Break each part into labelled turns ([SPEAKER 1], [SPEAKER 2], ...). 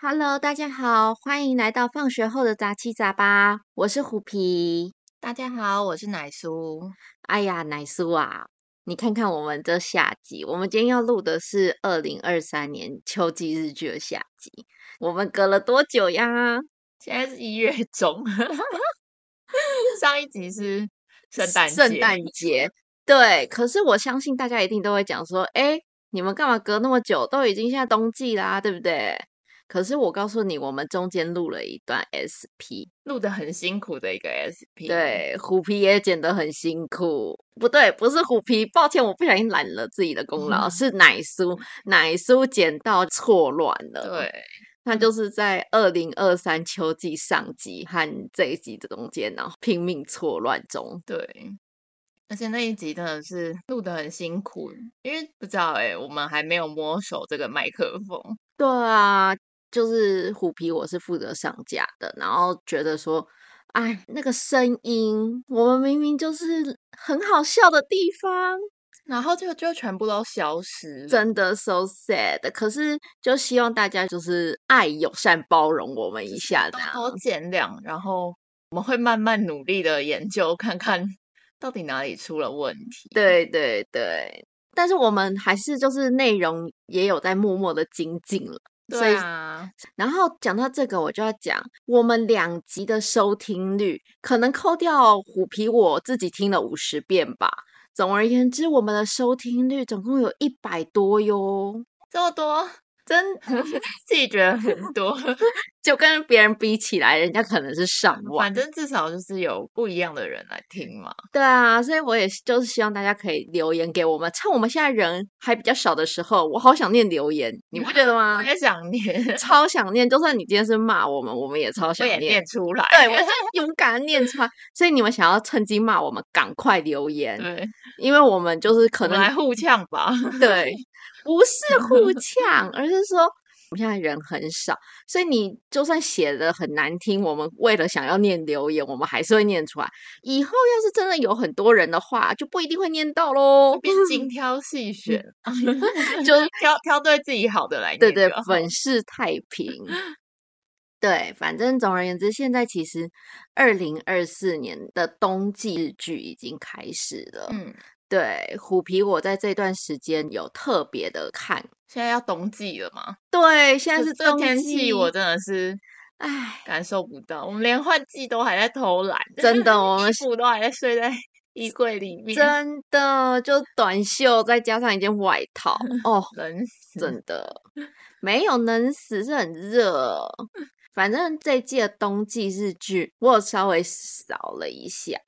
[SPEAKER 1] Hello，大家好，歡迎來到放學後的雜七雜八。我是虎皮，大家好，我是奶酥。哎呀，奶酥啊，你看看我們的下集，我們今天要錄的是二零二三年秋季日劇的下集，我們隔了多久呀？現在是一月中， 上一集是聖誕節聖誕節，對。可是我相信大家一定都會講說，哎，你們幹嘛隔那麼久？都已經現在冬季啦、啊，對不對？可是我告訴你，我們中間錄了一段 SP，錄得很辛苦的一個 SP。對，虎皮也剪得很辛苦。不對，不是虎皮，抱歉，我不小心攬了自己的功勞，嗯、是奶酥，奶酥剪到錯亂了。對，他就是在二零二三秋季上集和這一集的中間、啊，然後拼命錯亂中。對，而且那一集真的是錄得很辛苦，因為不知道哎、欸，我們還沒有摸熟這個麥克風。對啊。就是虎皮，我是負責上架的，然後覺得說，哎，那個聲音，我們明明就是很好笑的地方，然後就就全部都消失，真的 so sad。可是就希望大家就是愛友善包容我們一下，多多見諒，然後我們會慢慢努力的研究，看看到底哪裡出了問題。對對對，但是我們還是就是內容也有在默默的精進了。所以對啊，然後講到這個，我就要講我們兩集的收聽率，可能扣掉虎皮，我自己聽了五十遍吧。總而言之，我們的收聽率總共有一百多喲，這麼多，真 自己覺得很多。 就跟別人比起來，人家可能是上萬，反正至少就是有不一樣的人來聽嘛。對啊，所以我也就是希望大家可以留言給我們，趁我們現在人還比較少的時候，我好想念留言，你不覺得嗎？我也想念，超想念。就算你今天是罵我們，我們也超想念，也念出來。對，我是勇敢的念出來。 所以你們想要趁機罵我們，趕快留言。對，因為我們就是可能來互嗆吧。對，不是互嗆， 而是說。我現在人很少，所以你就算寫的很難聽，我們為了想要念留言，我們還是會念出來。以後要是真的有很多人的話，就不一定會念到嘍。變精挑細選， 就挑挑對自己好的來念。對，對對，粉飾太平。 對，反正總而言之，現在其實二零二四年的冬季日劇已經開始了。嗯。對虎皮，我在這段時間有特別的看。現在要冬季了嗎？對，現在是冬季。這天氣我真的是，哎感受不到。我們連換季都還在偷懶，真的、哦，我 們衣服都還在睡在衣櫃裡面。真的，就短袖再加上一件外套， 哦，冷死。真的沒有冷死，是很熱。 反正這季的冬季日劇，我有稍微掃了一下。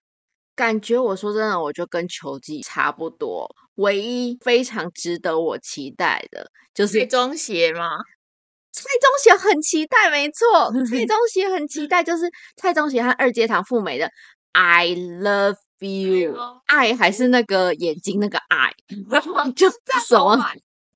[SPEAKER 1] 感覺我說真的，我就跟球技差不多。唯一非常值得我期待的，就是蔡中協嗎？蔡中協很期待沒錯，沒錯，蔡中協很期待，就是蔡中協和二階堂富美的《I Love You 》愛還是那個眼睛那個愛，然 後 就什麼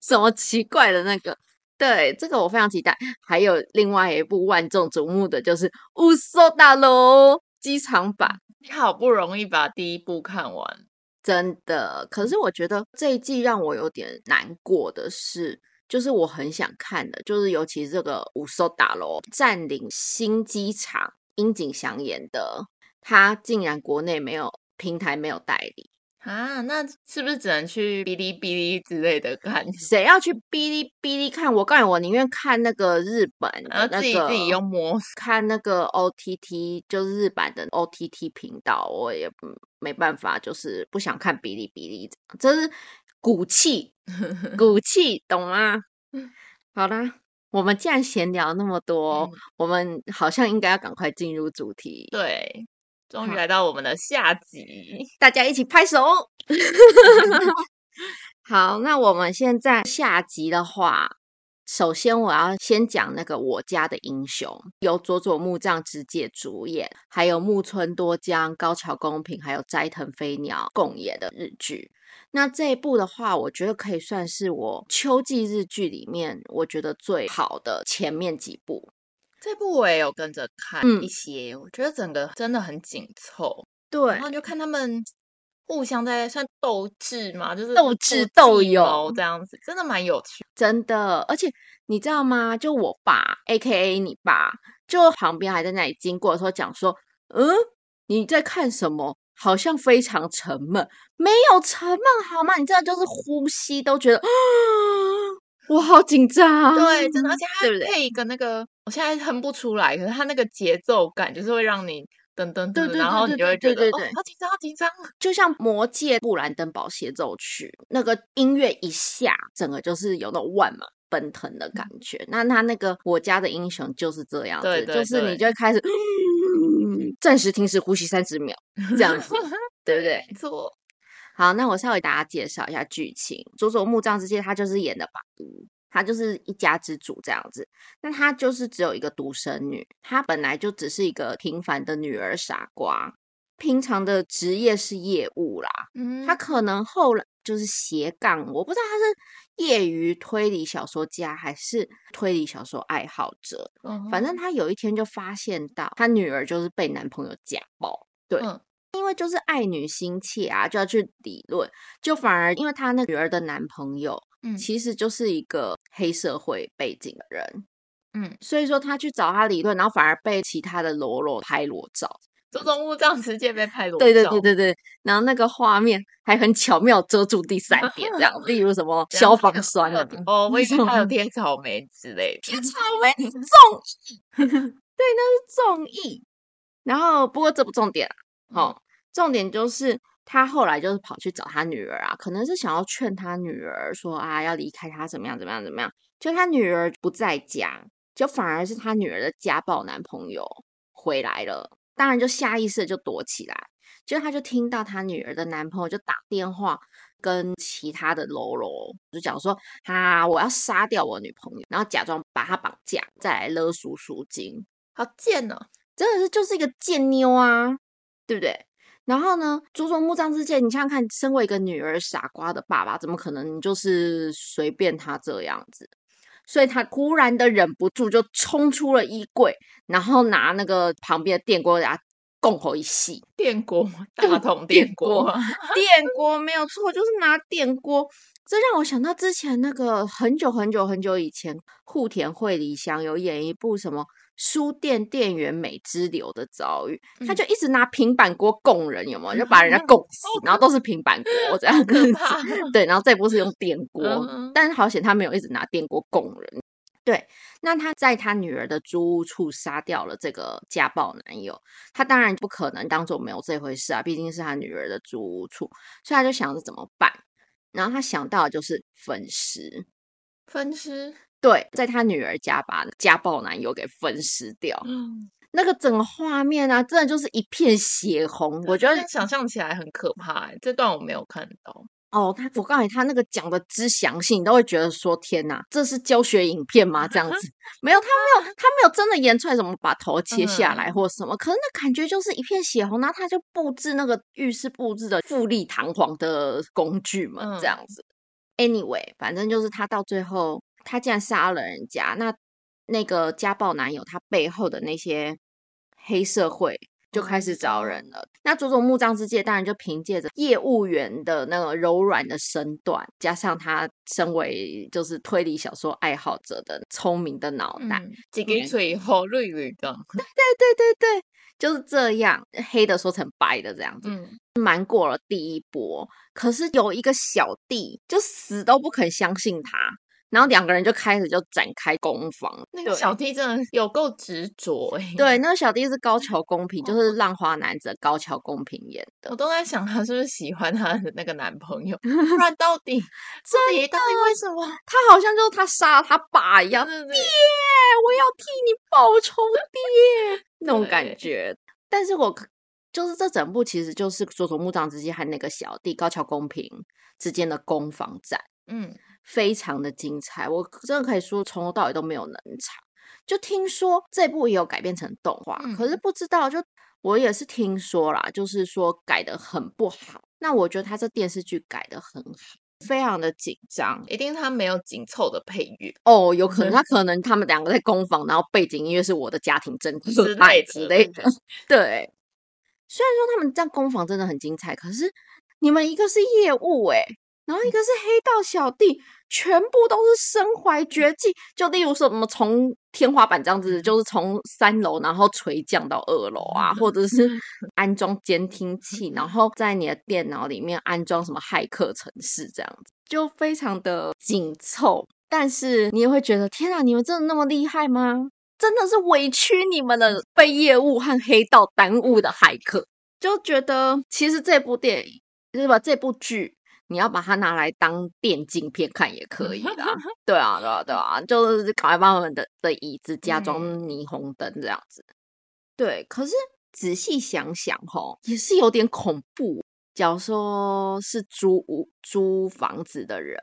[SPEAKER 1] 什麼奇怪的那個。對，這個我非常期待。還有另外一部萬眾矚目的，就是《烏索大樓》。機場版，你好不容易把第一部看完，真的。可是我覺得這一季讓我有點難過的是，就是我很想看的，就是尤其是這個五艘大樓占領新機場，櫻井翔演的，他竟然國內沒有平台，沒有代理。啊，那是不是只能去嗶哩嗶哩之類的看？誰要去嗶哩嗶哩看？我告訴你，我寧願看那個日本那個然後自己自己用模式看那個 O T T，就是日版的 O T T 頻道。我也沒辦法，就是不想看嗶哩嗶哩，這是骨氣， 骨氣，懂嗎？好啦，我們既然閒聊那麼多，嗯，我們好像應該要趕快進入主題。對。終於來到我們的下集，大家一起拍手。 好，那我們現在下集的話，首先我要先講那個《我家的英雄》，由佐佐木藏之介主演，還有木村多江、高橋恭平，還有齋藤飛鳥共演的日劇。那這一部的話，我覺得可以算是我秋季日劇裡面我覺得最好的前面幾部。這部我也有跟着看一些，嗯，我覺得整個真的很緊湊，對。然後就看他們互相在算鬥智嘛，就是鬥智鬥勇這樣子，真的蠻有趣，真的。而且你知道嗎？就我爸，AKA 你爸，就旁邊還在那裡經過的時候講說：“嗯，你在看什麼？好像非常沉悶，沒有沉悶好嗎？你這樣就是呼吸都覺得，啊，我好緊張。”對，真的，而且他配一個那個。對不對？我現在哼不出來，可是他那個節奏感就是會讓你噔噔噔，然後你會覺得哦，好緊張，好緊張。就像《魔界布蘭登堡協奏曲》那個音樂一下，整個就是有那種萬馬奔騰的感覺、嗯。那他那個《我家的英雄》就是這樣子，對對對對，就是你就開始暫、嗯、時停止呼吸三十秒這樣子， 對不對，對？沒錯。好，那我稍微給大家介紹一下劇情：佐佐木藏之介他就是演的吧她就是一家之主這樣子，那她就是只有一個獨生女，她本來就只是一個平凡的女兒傻瓜，平常的職業是業務啦，嗯，她可能後來就是斜槓，我不知道她是業餘推理小說家還是推理小說愛好者，反正她有一天就發現到她女兒就是被男朋友家暴，對，因為就是愛女心切啊，就要去理論，就反而因為她那女兒的男朋友。嗯、其實就是一個黑社會背景的人，嗯，所以說他去找他理論，然後反而被其他的嘍囉拍裸照，周中物這直接被拍裸照，對對對對對，然後那個畫面還很巧妙遮住第三點，這樣，啊，例如什麼消防栓啊，哦，為什麼還有天草莓之類，天草莓綜藝。 綜藝 對，那是綜藝。然後不過這不重點了，啊哦嗯，重點就是。他後來就是跑去找他女兒啊，可能是想要勸他女兒說啊，要離開他怎麼樣怎麼樣怎麼樣。就他女兒不在家，就反而是他女兒的家暴男朋友回來了，當然就下意識就躲起來。就他就聽到他女兒的男朋友就打電話跟其他的嘍囉，就講說啊，我要殺掉我女朋友，然後假裝把她綁架，再來勒贖贖金，好賤哦，真的是就是一個賤妞啊，對不對？然後呢，佐佐木藏之介，你想想看，身為一個女兒傻瓜的爸爸，怎麼可能就是隨便他這樣子？所以他忽然的忍不住就衝出了衣櫃，然後拿那個旁邊的電鍋給他供喉一洗。電鍋，大同電， 電鍋，電鍋沒有錯，就是拿電鍋。這讓我想到之前那個很久很久很久以前，戶田惠梨香有演一部什麼書店店員美知留的遭遇，他就一直拿平板鍋供人，有沒有？就把人家供死，嗯、然後都是平板鍋、嗯、這樣子。可怕。對，然後這部是用電鍋，嗯、但是好險他沒有一直拿電鍋供人。對，那他在他女兒的租屋處殺掉了這個家暴男友，他當然不可能當作沒有這回事啊，畢竟是他女兒的租屋處，所以他就想着怎麼辦。然後他想到的就是分屍，分屍，對，在他女兒家把家暴男友給分屍掉。嗯，那個整個畫面啊，真的就是一片血紅，我覺得想象起來很可怕欸。這段我沒有看到。哦，他我告訴你，他那個講的之詳細，你都會覺得說天哪，這是教學影片嗎？這樣子。沒有，他沒有，他沒有真的演出來怎麼把頭切下來或什麼。可是那感覺就是一片血紅，那他就布置那個浴室布置的富麗堂皇的工具嘛，這樣子。Anyway，反正就是他到最後，他竟然殺了人家那那個家暴男友，他背後的那些黑社會。就開始找人了。嗯、那佐佐木藏之介當然就憑借着業務員的那種柔軟的身段，加上他身為就是推理小說愛好者的聰明的腦袋，嗯、這個嘴好銳利的。對對對對對，就是這樣，黑的說成白的這樣子。嗯，瞞過了第一波，可是有一個小弟就死都不肯相信他。然後兩個人就開始就展開攻防。那個小弟真的有夠執着哎！對，那個小弟是高橋公平，就是浪花男子高橋公平演的。我都在想，他是不是喜歡他的那個男朋友？不然到底，這 裡到底，到底為什麼？他好像就是他殺了他爸一樣，是不是？爹，我要替你報仇，爹！那種感覺。但是我就是這整部其實就是佐佐木藏之介和那個小弟高橋公平之間的攻防戰。嗯。非常的精彩，我真的可以說從頭到尾都沒有冷場。就聽說這部也有改編成動畫、嗯，可是不知道就。就我也是聽說啦，就是說改得很不好。那我覺得他這電視劇改得很好，非常的緊張，一定是他沒有緊湊的配樂哦。有可能他可能他們兩個在攻防， 然後背景音樂是我的家庭真摯愛之類的。 對，雖然說他們這樣攻防真的很精彩，可是你們一個是業務哎、欸。然後一個是黑道小弟，全部都是身懷絕技，就例如說什麼從天花板這樣子，就是從三樓然後垂降到二樓啊，或者是安裝監聽器，然後在你的電腦裡面安裝什麼駭客程式這樣子，就非常的緊湊。但是你也會覺得，天啊，你們真的那麼厲害嗎？真的是委屈你們了，被業務和黑道耽誤的駭客，就覺得其實這部電影就是把這部劇。你要把它拿來當電競片看也可以的。 對啊，對啊，對啊，就是趕快把我們的的椅子加裝霓虹燈這樣子。嗯、對，可是仔細想想哦，也是有點恐怖。假如說是租屋租房子的人。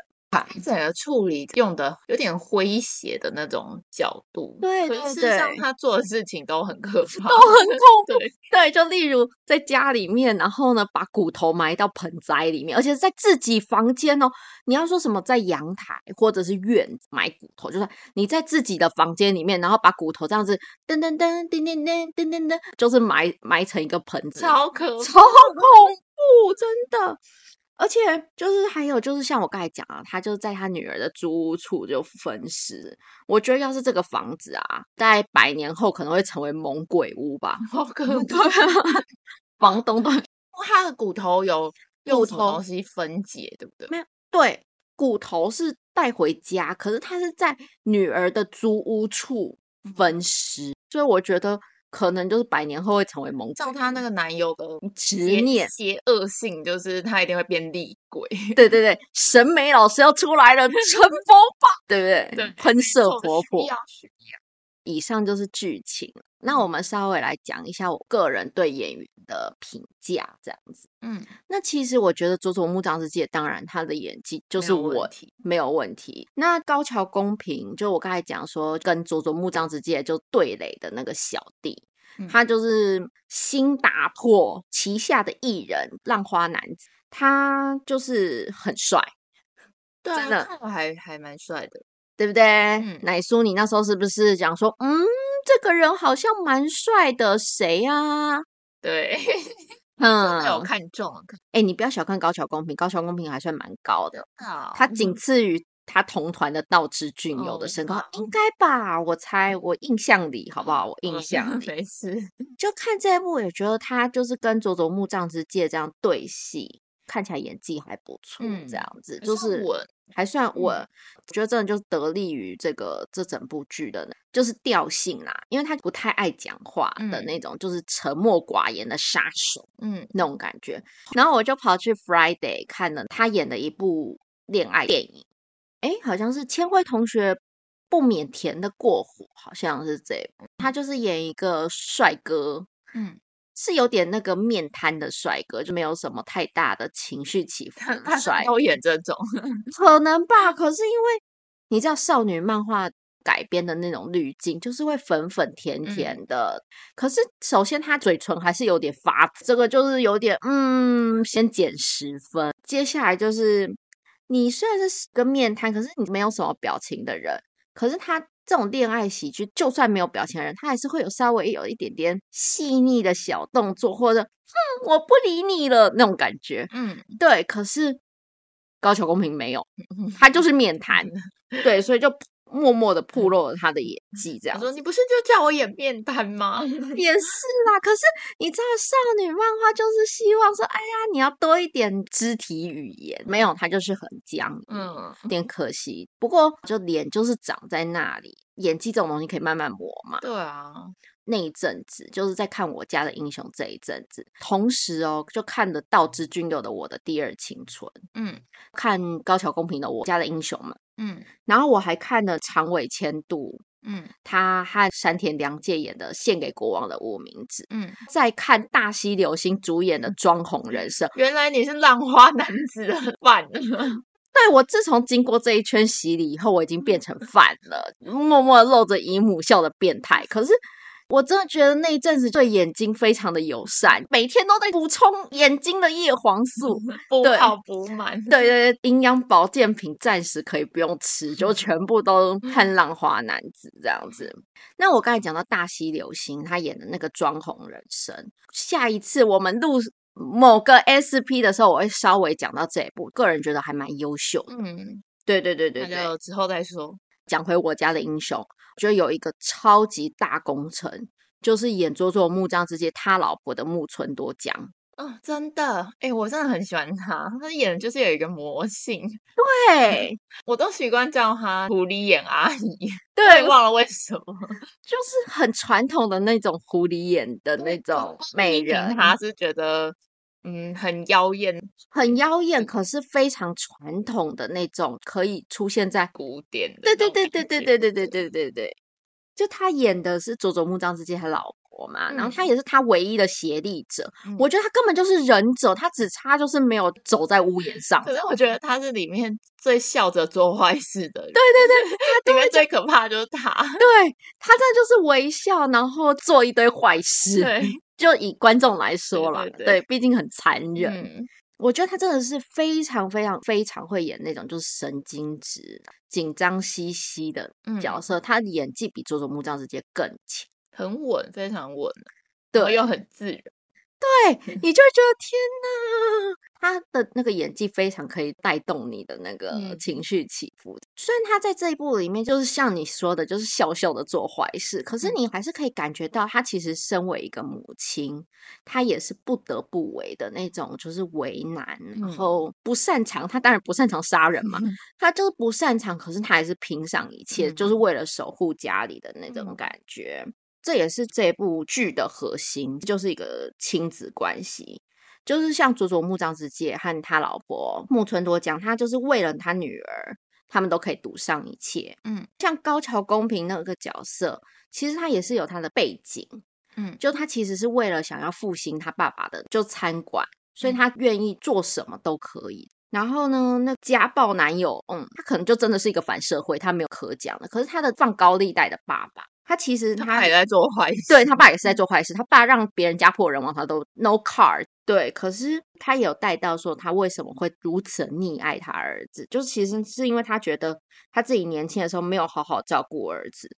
[SPEAKER 1] 整個處理用的有點詼諧的那種角度，對，對對，事實上他做的事情都很可怕，都很恐怖 對。對，就例如在家裡面，然後呢，把骨頭埋到盆栽裡面，而且是在自己房間哦。你要說什麼在陽台或者是院埋骨頭，就是你在自己的房間裡面，然後把骨頭這樣子噔噔噔噔噔噔噔，就是埋埋成一個盆子，超可怕超恐怖，真的。而且就是還有就是像我剛才講啊，他就在他女兒的租屋處就分屍。我覺得要是這個房子啊，在百年後可能會成為猛鬼屋吧。好可怕！ 房東的，因為他的骨頭有用什麼東西分解對不對？沒有，對，骨頭是帶回家，可是他是在女兒的租屋處分屍，所以我覺得。可能就是百年後會成為萌，子，照她那個男友的執念、邪惡性，就是他一定會變厲鬼。對對對，審美老師要出來了，春風吧， 對不對？對，噴射活潑。以上就是劇情。那我們稍微來講一下我個人對演員的評價，這樣子。嗯，那其實我覺得佐佐木藏之介，當然他的演技就是我沒有,問題沒有問題。那高橋恭平，就我剛才講說跟佐佐木藏之介就對壘的那個小弟，嗯、他就是新打破旗下的藝人浪花男子，他就是很帥，真、 啊啊、的，還還蠻帥的。對不對，奶、嗯、酥？奶酥你那時候是不是講說，嗯，這個人好像蠻帥的，誰啊？對，嗯，有看中了、欸。你不要小看高橋恭平，高橋恭平還算蠻高的、哦，他僅次於他同團的道枝駿佑的身高、哦嗯，應該吧？我猜，我印象裡，好不好？我印象裡、哦、沒就看這一部也覺得他就是跟佐佐木藏之介這樣對戲。看起來演技還不錯，這樣子、嗯、就是我還算我、嗯嗯、覺得真的就是得力於這個這整部劇的，就是調性啦、啊。因為他不太愛講話的那種、嗯，就是沉默寡言的殺手，嗯，那種感覺。然後我就跑去 Friday 看了他演的一部戀愛電影，哎、欸，好像是千惠同學不免甜的過火，好像是這一部，他就是演一個帥哥，嗯。是有點那個面癱的帥哥，就沒有什麼太大的情緒起伏帥。很帥，都演這種 可能吧？可是因為你知道少女漫畫改編的那種濾鏡，就是會粉粉甜甜的、嗯。可是首先他嘴唇還是有點發紫，這個就是有點嗯，先減十分。接下來就是你雖然是個面癱，可是你沒有什麼表情的人，可是他。這種戀愛喜劇，就算沒有表情的人，他還是會有稍微有一點點細膩的小動作，或者“哼、嗯，我不理你了”那種感覺。嗯，對。可是高橋公平沒有，他就是免談、嗯。對，所以就。 默默的暴露了他的演技，這樣、嗯、說你不是就叫我演面癱嗎？也是啦，可是你知道少女漫畫就是希望說，哎呀，你要多一點肢體語言，沒有他就是很僵，嗯，有點可惜。不過就臉就是長在那裡，演技這種東西可以慢慢磨嘛。對啊。那一陣子就是在看《我家的英雄》，這一陣子，同時哦，就看了道枝駿佑的《我的第二青春》，嗯，看高橋公平的《我家的英雄們》們，嗯，然後我還看了長尾謙杜，嗯，他和山田涼介演的《獻給國王的無名指》，嗯，再看大西流星主演的《妝紅人生》。原來你是浪花男子的飯了？對 我自從經過這一圈洗禮以後，我已經變成飯了， 默默露着姨母笑的變態。可是。我真的覺得那一陣子對眼睛非常的友善，每天都在補充眼睛的葉黃素，補 好補滿。對對對，營養保健品暫時可以不用吃，就全部都看《浪花男子》這樣子。 那我剛才講到大西流星，他演的那個《裝紅人生》，下一次我們錄某個 SP 的時候，我會稍微講到這一步。個人覺得還蠻優秀的。嗯，對對對對，對，那就之後再說。講回我家的英雄，就有一個超級大功臣，就是演佐佐木藏之介他老婆的木村多江。嗯，真的，欸，我真的很喜歡她。她演的就是有一個魔性。對， 我都習慣叫她狐狸眼阿姨。對，忘了為什麼，就是很傳統的那種狐狸眼的那種美人，她是覺得。嗯，很妖豔，很妖豔、嗯，可是非常傳統的那種，可以出現在古典的。對對對對，對對對對對對對對對對對，就他演的是佐佐木藏之介他老婆嘛、嗯，然後他也是他唯一的協力者。嗯、我覺得他根本就是忍者，他只差就是沒有走在屋檐上。可是我覺得他是裡面最笑着做壞事的人。對對對，他對對 裡面最可怕的就是他。對，他真的就是微笑，然後做一堆壞事。對。就以觀眾來說啦，對，畢竟很殘忍、嗯。我覺得他真的是非常非常非常會演那種就是神經質、緊張兮兮的角色。嗯、他的演技比佐佐木藏之介更強，很穩，非常穩，對，又很自然。對，你就覺得天哪，他的那個演技，非常可以帶動你的那個情緒起伏、嗯。雖然他在這一部裡面就是像你說的，就是笑笑的做壞事，可是你還是可以感覺到他其實身為一個母親，嗯、他也是不得不為的那種，就是為難、嗯，然後不擅長。他當然不擅長殺人嘛，嗯、他就是不擅長，可是他還是拼上一切、嗯，就是為了守護家裡的那種感覺。嗯這也是這部劇的核心，就是一個親子關係，就是像佐佐木藏之介和他老婆木村多江，他就是為了他女兒，他們都可以賭上一切。嗯，像高橋公平那個角色，其實他也是有他的背景，嗯，就他其實是為了想要復興他爸爸的就餐館，嗯，所以他願意做什麼都可以，嗯。然後呢，那家暴男友，嗯，他可能就真的是一個反社會，他沒有可講的。可是他的放高利貸的爸爸。他其實他，他還在做壞事，對，他爸也是在做壞事。他爸讓別人家破人亡，他都 no card。對，可是他也有帶到說，他為什麼會如此溺愛他兒子？就是其實是因為他覺得他自己年輕的時候沒有好好照顧兒子，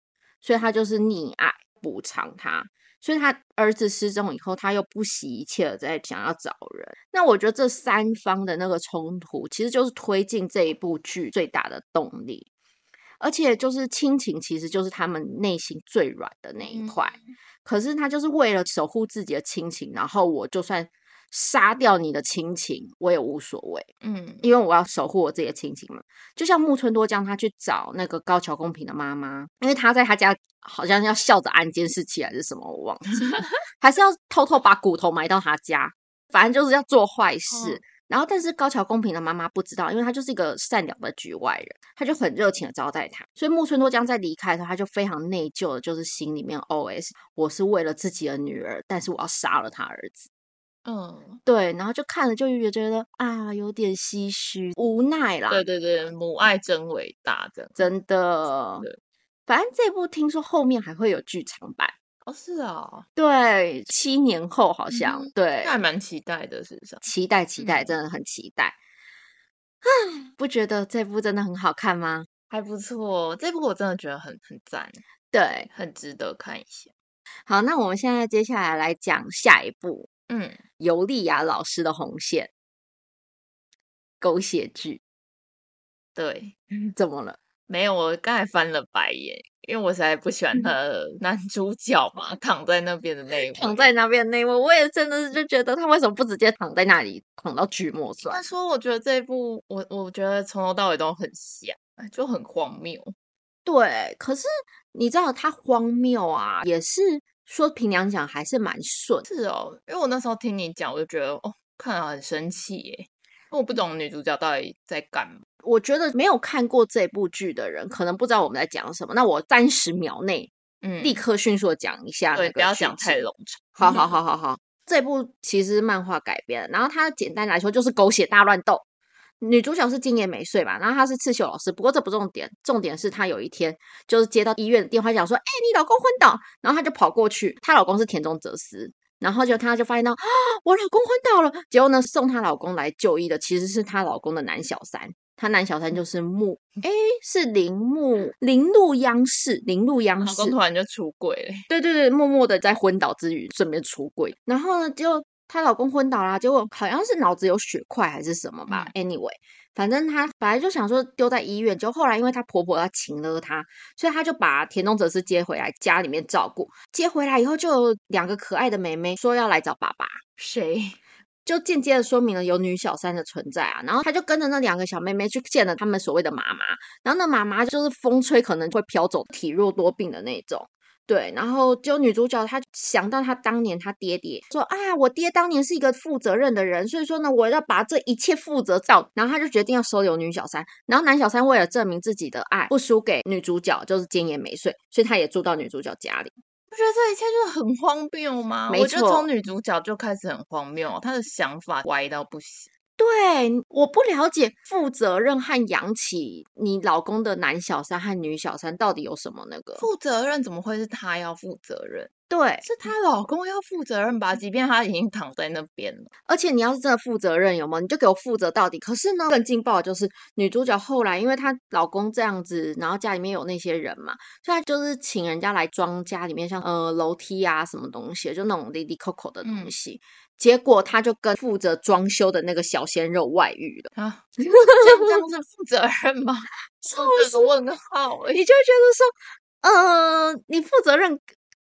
[SPEAKER 1] 所以他就是溺愛補償他。所以他兒子失蹤以後，他又不惜一切的在想要找人。那我覺得這三方的那個衝突，其實就是推進這一部劇最大的動力。而且就是親情，其實就是他們內心最軟的那一塊，嗯。可是他就是為了守護自己的親情，然後我就算殺掉你的親情，我也無所謂。嗯，因為我要守護我自己的親情嘛。就像木村多江，他去找那個高橋恭平的媽媽，因為他在他家好像要笑着安監視器還是什麼，我忘記了， 還是要偷偷把骨頭埋到他家，反正就是要做壞事。哦然後，但是高橋公平的媽媽不知道，因為她就是一個善良的局外人，她就很熱情的招待他。所以木村多江在離開的時候，他就非常內疚的，就是心裡面 OS：“ 我是為了自己的女兒，但是我要殺了她兒子。”嗯，對。然後就看了，就覺得啊，有點唏噓無奈啦。對對對，母愛真偉大，真的真的。反正這部聽說後面還會有劇場版。哦，是啊，哦，對，七年後好像，嗯，對，還蠻期待的，是什麼？期待，期待，真的很期待，嗯。不覺得這部真的很好看嗎？還不錯，這部我真的覺得很很讚，對，很值得看一下。好，那我們現在接下來來講下一部，嗯，尤莉亞老師的紅線，狗血劇。對， 怎麼了？沒有，我剛才翻了白眼。因為我實在不喜歡他的男主角嘛， 躺在那邊的那一 躺在那邊的那位，我也真的是就覺得他為什麼不直接躺在那裡躺到劇末算？但說我覺得這一部我我覺得從頭到尾都很瞎，就很荒謬。對，可是你知道他荒謬啊，也是說憑良講還是蠻順，是哦。因為我那時候聽你講，我就覺得哦，看了很生氣耶，我不懂女主角到底在幹嘛。我覺得沒有看過這部劇的人，可能不知道我們在講什麼。那我三十秒內，嗯，立刻迅速的講一下，嗯那個。對，不要講太冗長。好好好好好，嗯，這部其實漫畫改編，然後它簡單來說就是狗血大亂鬥。女主角是今夜沒睡嘛，然後她是刺繡老師，不過這不重點，重點是她有一天就是接到醫院的電話，講說，哎、欸，你老公昏倒，然後她就跑過去，她老公是田中哲司，然後就她就發現到啊，我老公昏倒了。結果呢，送她老公來就醫的其實是她老公的男小三。她男小三就是木，哎、嗯欸，是鈴木，鈴鹿央士，鈴鹿央士，老公突然就出軌了，對對對，默默的在昏倒之餘順便出軌、嗯，然後呢，就她老公昏倒啦，結果好像是腦子有血塊還是什麼吧、嗯、anyway，反正她本來就想說丟在醫院，就後來因為她婆婆要請了她，所以她就把田中哲司接回來家裡面照顧，接回來以後就有兩個可愛的妹妹說要來找爸爸，誰？就間接的說明了有女小三的存在啊，然後他就跟着那兩個小妹妹去見了他們所謂的媽媽，然後那媽媽就是風吹可能會飄走，體弱多病的那種，對，然後就女主角她想到她當年她爹爹說啊，我爹當年是一個負責任的人，所以說呢，我要把這一切負責到，然後他就決定要收留女小三，然後男小三為了證明自己的愛不輸給女主角，就是今夜沒睡，所以他也住到女主角家裡。不覺得這一切就很荒謬嗎？我覺得從女主角就開始很荒謬，她的想法歪到不行。對，我不了解負責任和養起你老公的男小三和女小三到底有什麼那個？負責任怎麼會是她要負責任？對，是她老公要負責任吧？即便她已經躺在那邊了，而且你要是真的負責任，有嗎？你就給我負責到底。可是呢，更勁爆的就是女主角後來，因為她老公這樣子，然後家裡面有那些人嘛，所以她就是請人家來裝家裡面像，像呃樓梯啊什麼東西，就那種滴滴扣扣的東西、嗯。結果她就跟負責裝修的那個小鮮肉外遇了啊！這樣這樣子負責任嗎？ 說這個問號，你就覺得說，嗯、呃，你負責任？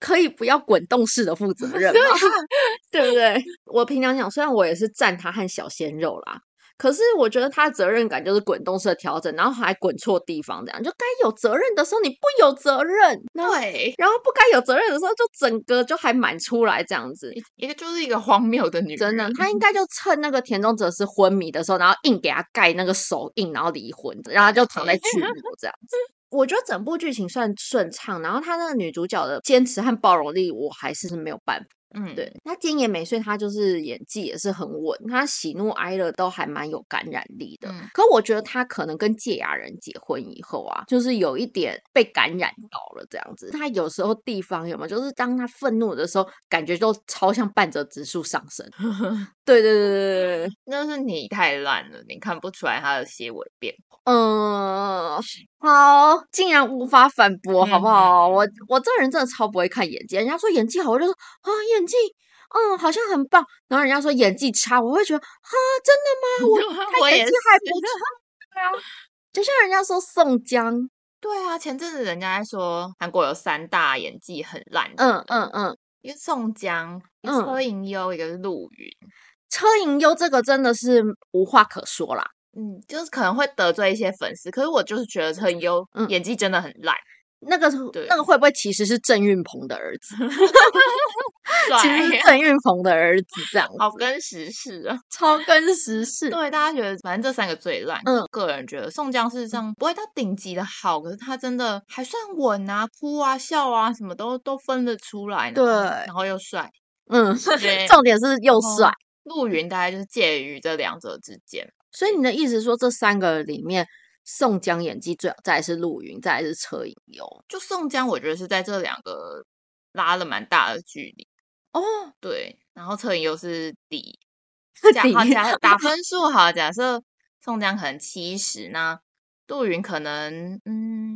[SPEAKER 1] 可以不要滾動式的負責任嗎？ 對不對？我平常講，雖然我也是贊他和小鮮肉啦，可是我覺得他的責任感就是滾動式的調整，然後還滾錯地方，這樣就該有責任的時候你不有責任，對，然後不該有責任的時候就整個就還蠻出來這樣子，一個就是一個荒謬的女人，真的，他應該就趁那個田中哲司昏迷的時候，然後硬給他蓋那個手印，然後離婚，然後他就躺在拘留這樣子。 我覺得整部劇情算順暢，然後她那個女主角的堅持和包容力，我還是是沒有辦法。嗯，對，那今年美穗，他就是演技也是很穩，他喜怒哀樂都還蠻有感染力的、嗯。可我覺得他可能跟堺雅人結婚以後啊，就是有一點被感染到了，這樣子。他有時候地方有嗎？就是當他憤怒的時候，感覺就超像半澤直樹上身呵呵。對對對對對，那是你太爛了，你看不出來他的些微變化。嗯，好，竟然無法反駁，好不好？嗯、我我這個人真的超不會看演技，人家說演技好，我就說啊也。演技，嗯，好像很棒。然後人家說演技差，我會覺得，哈，真的嗎？我他演技還不錯。對啊，就像人家說宋江，對啊，前陣子人家還說韓國有三大演技很爛的，嗯嗯嗯，嗯，一個宋江，一個車銀優，一個陸雲。車銀優這個真的是無話可說啦，嗯，就是可能會得罪一些粉絲，可是我就是覺得車銀優、嗯、演技真的很爛。那個那個會不會其實是鄭運鵬的兒子？ 啊、其實是鄭運鵬的兒子這樣子，好跟時事啊，超跟時事。對，大家覺得反正這三個最爛。嗯，個人覺得宋江是這樣不會到頂級的好，可是他真的還算穩啊，哭啊、笑啊，什麼都都分得出來。對，然後又帥，嗯， 重點是又帥。陸雲大概就是介於這兩者之間。所以你的意思說這三個裡面？宋江演技最好，再來是陸雲，再來是車銀優。就宋江，我覺得是在這兩個拉了蠻大的距離哦。對，然後車銀優是底，假，假打分數好，假設宋江可能七十，那陸雲可能嗯。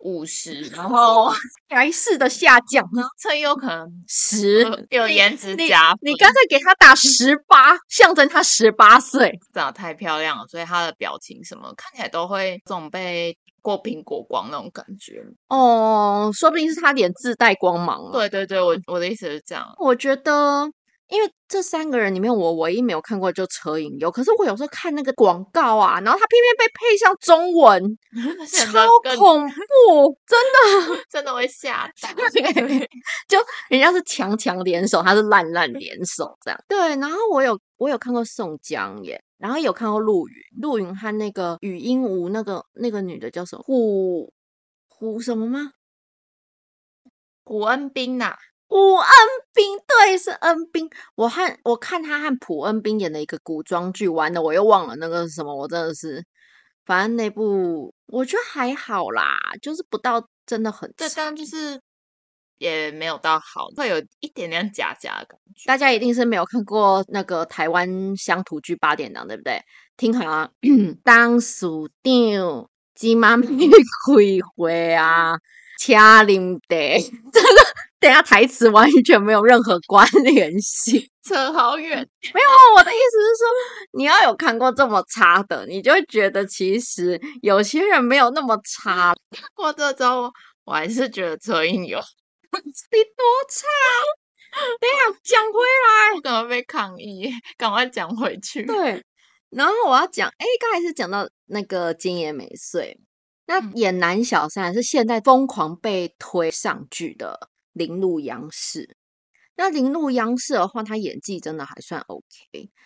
[SPEAKER 1] 五十，然後還是的下降呢？車銀優可能十，又有顏值加分。你，你，你剛才給他打十八，象徵他十八歲，長得太漂亮了，所以他的表情什麼看起來都會總被過蘋果光那種感覺。哦、oh，說不定是他臉自帶光芒了、啊。對對對，我我的意思是這樣，我覺得。因為這三個人裡面，我唯一沒有看過就車銀優。可是我有時候看那個廣告啊，然後他偏偏被配上中文， 超恐怖，真的 真的會嚇到。 就人家是強強聯手，他是爛爛聯手這樣。 對，然後我有我有看過宋江耶，然後也有看過陸雲，陸雲和那個雨音無，那個那個女的叫什麼？虎虎什麼嗎？虎恩斌吶、啊。武恩兵，對，是恩兵。我看我看他和普恩兵演的一個古裝劇，完了我又忘了那個是什麼。我真的是，反正那部我覺得還好啦，就是不到真的很。對，當然就是也沒有到好，會有一點點假假的感覺。大家一定是沒有看過那個台灣鄉土劇《八點檔》，對不對？聽好啊，嗯，當屬定雞媽咪，開會啊，吃林的真的。等一下，台詞完全沒有任何關聯性，扯好遠。沒有，我的意思是說，你要有看過這麼差的，你就會覺得其實有些人沒有那麼差。看過這週，我還是覺得車銀優 你多差，啊。等下講回來，我怎麼被抗議？趕快講回去。對，然後我要講，哎，剛才是講到那個金延美睡，嗯，那演男小三是現在瘋狂被推上劇的。鈴鹿央士，那鈴鹿央士的話，他演技真的還算 OK，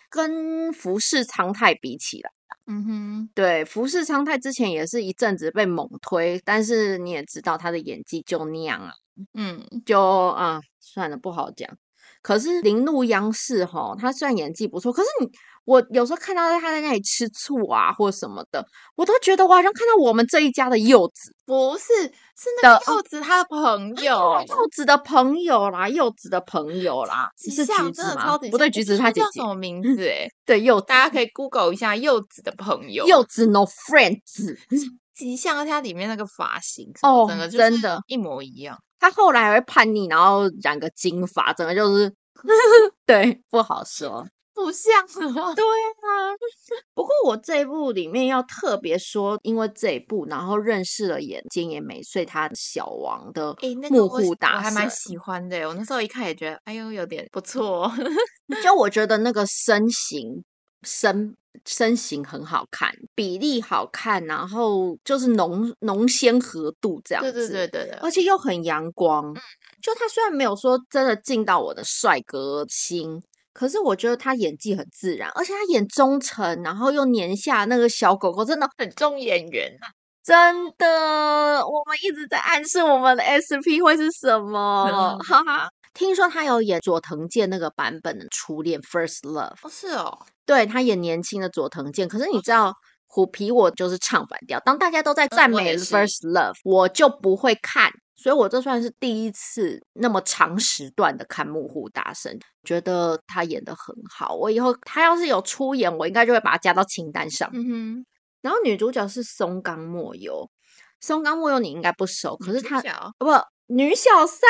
[SPEAKER 1] 跟福士蒼汰比起來，嗯哼，對，福士蒼汰之前也是一陣子被猛推，但是你也知道他的演技就那樣啊，嗯，就啊，算了，不好講。可是鈴鹿央士吼，他雖然演技不錯，可是你我有時候看到他在那裡吃醋啊，或什麼的，我都覺得我好像看到我們這一家的柚子的，不是是那個柚子他的朋友，哦，柚子的朋友啦，柚子的朋友啦，吉是橘子嗎？不對，橘子他姐姐什叫什麼名字，欸？誒 對柚子，大家可以 Google 一下柚子的朋友，柚子 no friends， 吉祥他裡面那個髮型哦，真的，一模一樣。他後來還會叛逆，然後染個金髮，整個就是對 不好說，不像 對啊。不過我這一部裡面要特別說，因為這一部然後認識了眼睛也沒，所以他小王的幕後打，欸那個，我還蠻喜歡的。我那時候一看也覺得，哎呦有點不錯，哦， 就我覺得那個身形。身身形很好看，比例好看，然後就是濃濃纖合度這樣子，對對對對，而且又很陽光、嗯。就他雖然沒有說真的進到我的帥哥心，可是我覺得他演技很自然，而且他演忠誠，然後又年下那個小狗狗，真的很重演員 真的。我們一直在暗示我們的 SP 會是什麼？嗯、 聽說他有演佐藤健那個版本的初戀 First Love，不、哦、是哦。對，他演年輕的佐藤健，可是你知道、okay. 虎皮我就是唱反調，當大家都在讚美《First Love、嗯》，我，我就不會看，所以我這算是第一次那麼長時段的看《木戶大聖》，覺得他演得很好。我以後他要是有出演，我應該就會把他加到清單上。嗯哼。然後女主角是松岡茉優。松岡茉優，你應該不熟，嗯、可是她，哦、不。女小三，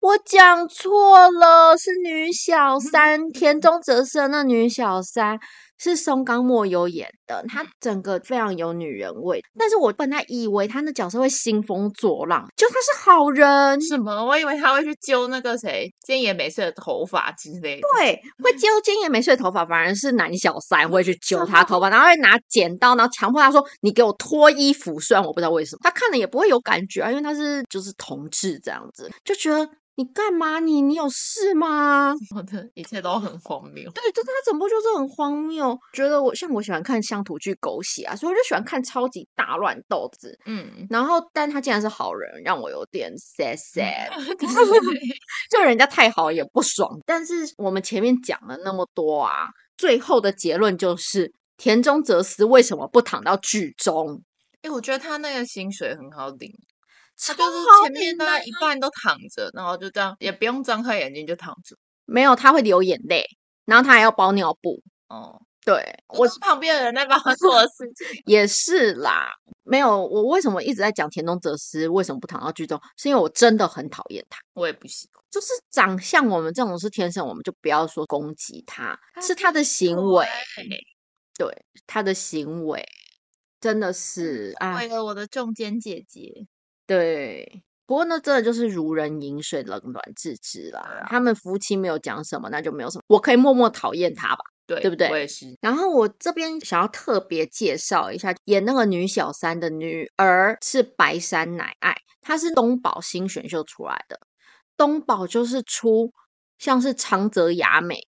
[SPEAKER 1] 我講錯了，是女小三，田中哲司那女小三。是松岡茉優演的，她整個非常有女人味。但是我本來以為她的角色會興風作浪，就她是好人。什麼？我以為她會去揪那個誰菅野美穗的頭髮之類。對，會揪菅野美穗的頭髮，反而是男小三會去揪她頭髮， 然後會拿剪刀，然後強迫她說：“你給我脫衣服算。”雖然我不知道為什麼，他看了也不會有感覺啊，因為他是就是同志這樣子，就覺得。你幹嘛你？你有事嗎？我的一切都很荒謬。對，這他整部就是很荒謬。覺得我像我喜歡看鄉土劇狗血啊，所以我就喜歡看超級大亂鬥子。嗯，然後，但他竟然是好人，讓我有點 sad sad。嗯、 就人家太好也不爽。但是我們前面講了那麼多啊，最後的結論就是田中哲司為什麼不躺到劇中？誒、欸、我覺得他那個薪水很好頂。他就是前面的一半都躺着，啊，然後就這樣，也不用張開眼睛就躺着。沒有，他會流眼淚，然後他還要包尿布。哦、嗯，對，我，就是旁邊的人在幫我做的事情。 也是啦，沒有，我為什麼一直在講田中哲司為什麼不躺到劇中？是因為我真的很討厭他，我也不喜歡。就是長相，我們這種是天生，我們就不要說攻擊他，啊，是他的行為，哎、對他的行為真的是，哎、為了我的中間姐姐。對，不過呢，真的就是如人飲水，冷暖自知啦、啊。他們夫妻沒有講什麼，那就沒有什麼。我可以默默討厭他吧，對，對不對？我也是。然後我這邊想要特別介紹一下，演那個女小三的女兒是白山乃愛，她是東寶新選秀出來的。東寶就是出像是長澤雅美、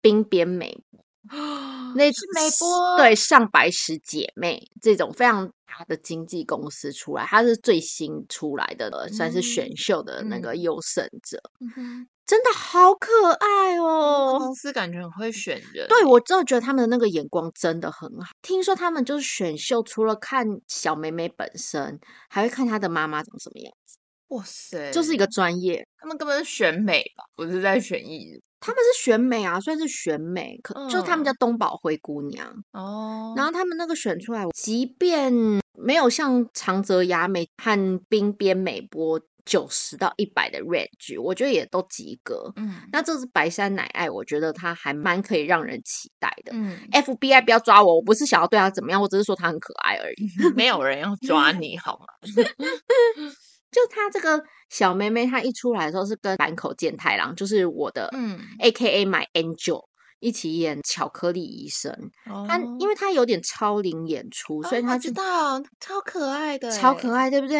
[SPEAKER 1] 濱邊美波，美。 那次美波對上白石姐妹這種非常大的經紀公司出來，她是最新出來的，算是選秀的那個優勝者，嗯、真的好可愛哦！公司感覺很會選人，對，我真的覺得他們的那個眼光真的很好。聽說他們就是選秀，除了看小妹妹本身，還會看她的媽媽長什麼樣子。哇塞，就是一個專業，他們根本是選美吧，不是在選藝人。他們是選美啊，算是選美，嗯、可就是他們叫東寶灰姑娘哦。然後他們那個選出來，即便沒有像長澤雅美和濱邊美波九十到一百的 range，我覺得也都及格。嗯，那這是白山乃愛，我覺得它還蠻可以讓人期待的。嗯，FBI 不要抓我，我不是想要對他怎麼樣，我只是說他很可愛而已。沒有人要抓你， 好嗎？ 就她這個小妹妹，她一出來的時候是跟坂口健太郎，就是我的嗯 A K A My Angel 一起演《巧克力醫生》哦。她因為她有點超齡演出，哦、所以她知道超可愛的，超可愛，對不對？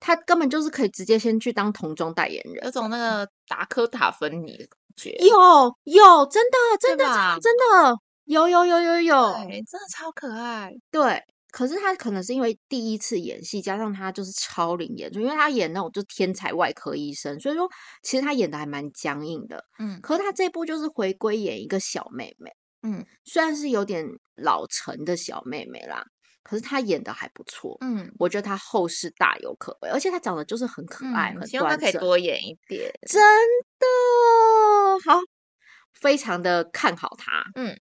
[SPEAKER 1] 她根本就是可以直接先去當童裝代言人，有種那個達科塔·芬妮的感覺。有有，真的真的真的有有有有有，有，真的超可愛，對。可是他可能是因為第一次演戲，加上他就是超齡演出，因為他演那種就是天才外科醫生，所以說其實他演的還蠻僵硬的。嗯，可是他這部就是回歸演一個小妹妹，嗯，雖然是有點老成的小妹妹啦，可是他演的還不錯。嗯，我覺得他後勢大有可為，而且他長得就是很可愛、嗯、很端正，希望可以多演一點，真的好，非常的看好他。嗯，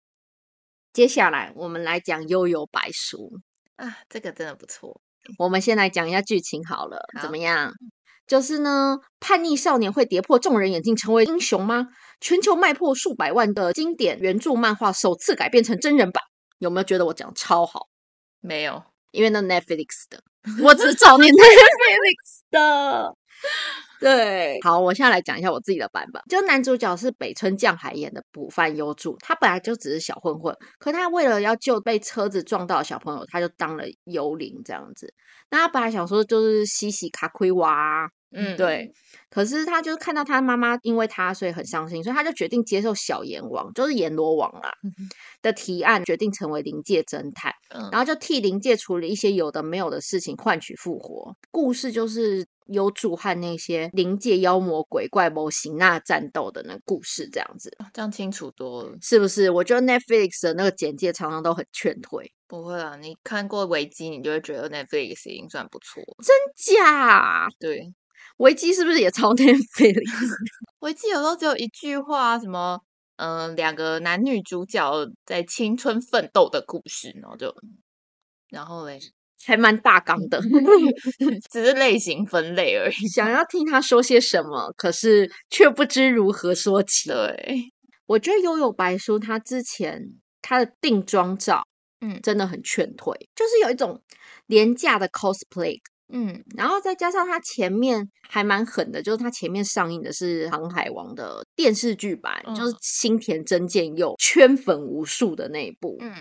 [SPEAKER 1] 接下來我們來講幽遊白書。啊，這個真的不錯。 我們先來講一下劇情好了，好怎麼樣？就是呢，叛逆少年會跌破眾人眼鏡，成為英雄嗎？全球賣破數百萬的經典原著漫畫，首次改編成真人版。有沒有覺得我講得超好？沒有，因為那 Netflix 的， 我只找你 Netflix 的。 對，好，我現在來講一下我自己的版本。就男主角是北村匠海演的浦飯幽助，他本來就只是小混混，可他為了要救被車子撞到的小朋友，他就當了幽靈這樣子。那他本來想說就是西西卡奎娃，嗯，對。可是他就看到他媽媽因為他所以很傷心，所以他就決定接受小閻王，就是閻羅王啦、啊嗯、的提案，決定成為靈界偵探，然後就替靈界處理一些有的沒有的事情，換取復活。故事就是。幽助和那些靈界妖魔鬼怪某型那戰鬥的那故事，這樣子，這樣清楚多了，是不是？我覺得 Netflix 的那個簡介常常都很勸退。不會啊，你看過維基，你就會覺得 Netflix 已經算不錯。真假？對，維基是不是也超 Netflix？維基有時候只有一句話，什麼嗯、呃，兩個男女主角在青春奮鬥的故事，然後就然後嘞。還蠻大綱的， 只是類型分類而已。 想要聽他說些什麼，可是卻不知如何說起。哎，我覺得幽遊白書他之前他的定妝照，嗯，真的很勸退，就是有一種廉價的 cosplay。嗯，然後再加上他前面還蠻狠的，就是他前面上映的是《航海王》的電視劇版、嗯，就是新田真劍佑圈粉無數的那一部，嗯。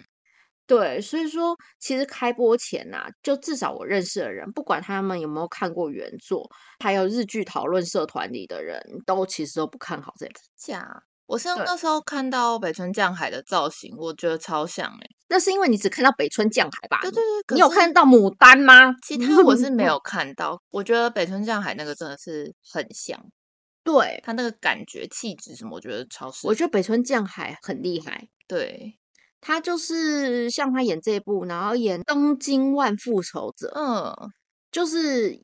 [SPEAKER 1] 對，所以說其實開播前吶、啊，就至少我認識的人，不管他們有沒有看過原作，還有日劇討論社團裡的人，都其實都不看好這。假，我上那時候看到北村匠海的造型，我覺得超像哎、欸。那是因為你只看到北村匠海吧？對對對，你有看到牡丹嗎？其他我是沒有看到。 我覺得北村匠海那個真的是很像， 對他那個感覺、氣質什麼，我覺得超適合。我覺得北村匠海很厲害。 對。他就是像他演這一部，然後演《東京萬復仇者》，嗯，就是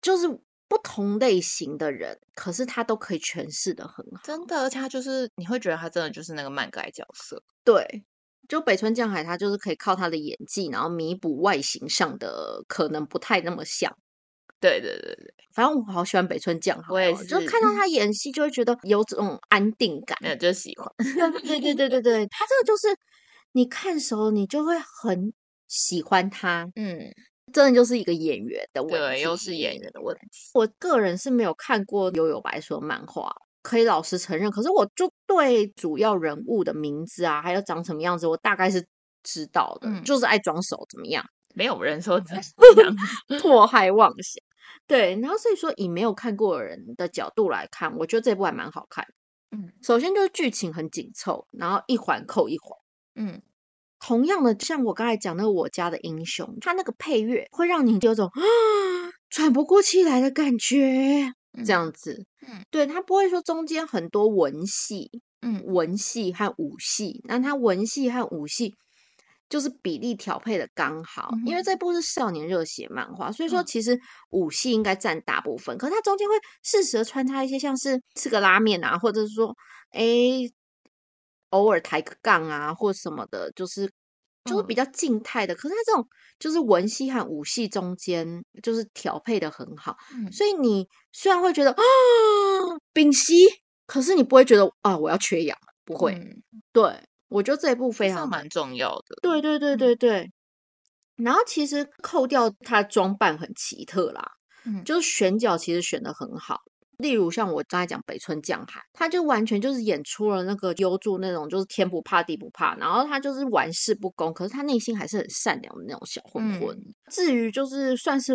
[SPEAKER 1] 就是不同類型的人，可是他都可以詮釋的很好，真的。他就是你會覺得他真的就是那個漫改角色，對，就北村匠海，他就是可以靠他的演技，然後彌補外形上的可能不太那麼像。對對對對，反正我好喜歡北村匠海，我也是，就是、看到他演戲就會覺得有這種安定感，就喜歡。 對對對對對，他這個就是。你看時候你就會很喜歡他。嗯，真的就是一個演員的問題，對，又是演員的問題。我個人是沒有看過《幽遊白書》漫畫，可以老實承認。可是我就對主要人物的名字啊，還有長什麼樣子，我大概是知道的。嗯，就是愛裝熟怎麼樣？沒有人說這樣迫害 妄想。 對，然後所以說，以沒有看過的人的角度來看，我覺得這部還蠻好看。嗯，首先就是劇情很緊湊，然後一環扣一環。嗯，同樣的，像我剛才講那個我家的英雄，他那個配樂會讓你有種啊，喘不過氣來的感覺，這樣子。嗯，嗯，對他不會說中間很多文戲，嗯，文戲和武戲，那他文戲和武戲就是比例調配的剛好，嗯，因為這部是少年熱血漫畫，所以說其實武戲應該佔大部分，嗯，可他中間會適時的穿插一些像是吃個拉麵啊，或者是說，哎。偶爾抬個槓啊，或什麼的，就是就是比較靜態的、嗯。可是他這種就是文戲和武戲中間就是調配的很好、嗯，所以你雖然會覺得、嗯、啊屏息，可是你不會覺得啊我要缺氧，不會。嗯、對，我覺得這一部非常蠻重要的。對對對對對。嗯、然後其實扣掉他的裝扮很奇特啦，嗯、就是選角其實選的很好。例如像我剛才講北村匠海，他就完全就是演出了那個幽助那種，就是天不怕地不怕，然後他就是玩世不恭，可是他內心還是很善良的那種小混混。嗯、至於就是算是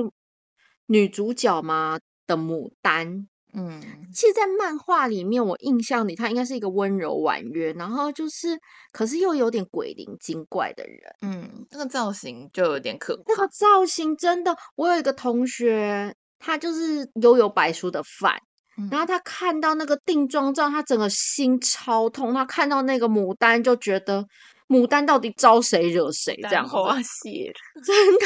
[SPEAKER 1] 女主角嘛的牡丹，嗯，其實，在漫畫裡面我印象裡她應該是一個溫柔婉約，然後就是可是又有點鬼靈精怪的人。嗯，那個造型就有點可那個造型真的，我有一個同學，他就是幽遊白書的范。嗯，然後他看到那個定妝照，他整個心超痛。他看到那個牡丹，就覺得牡丹到底招誰惹誰這樣，花謝了，真的，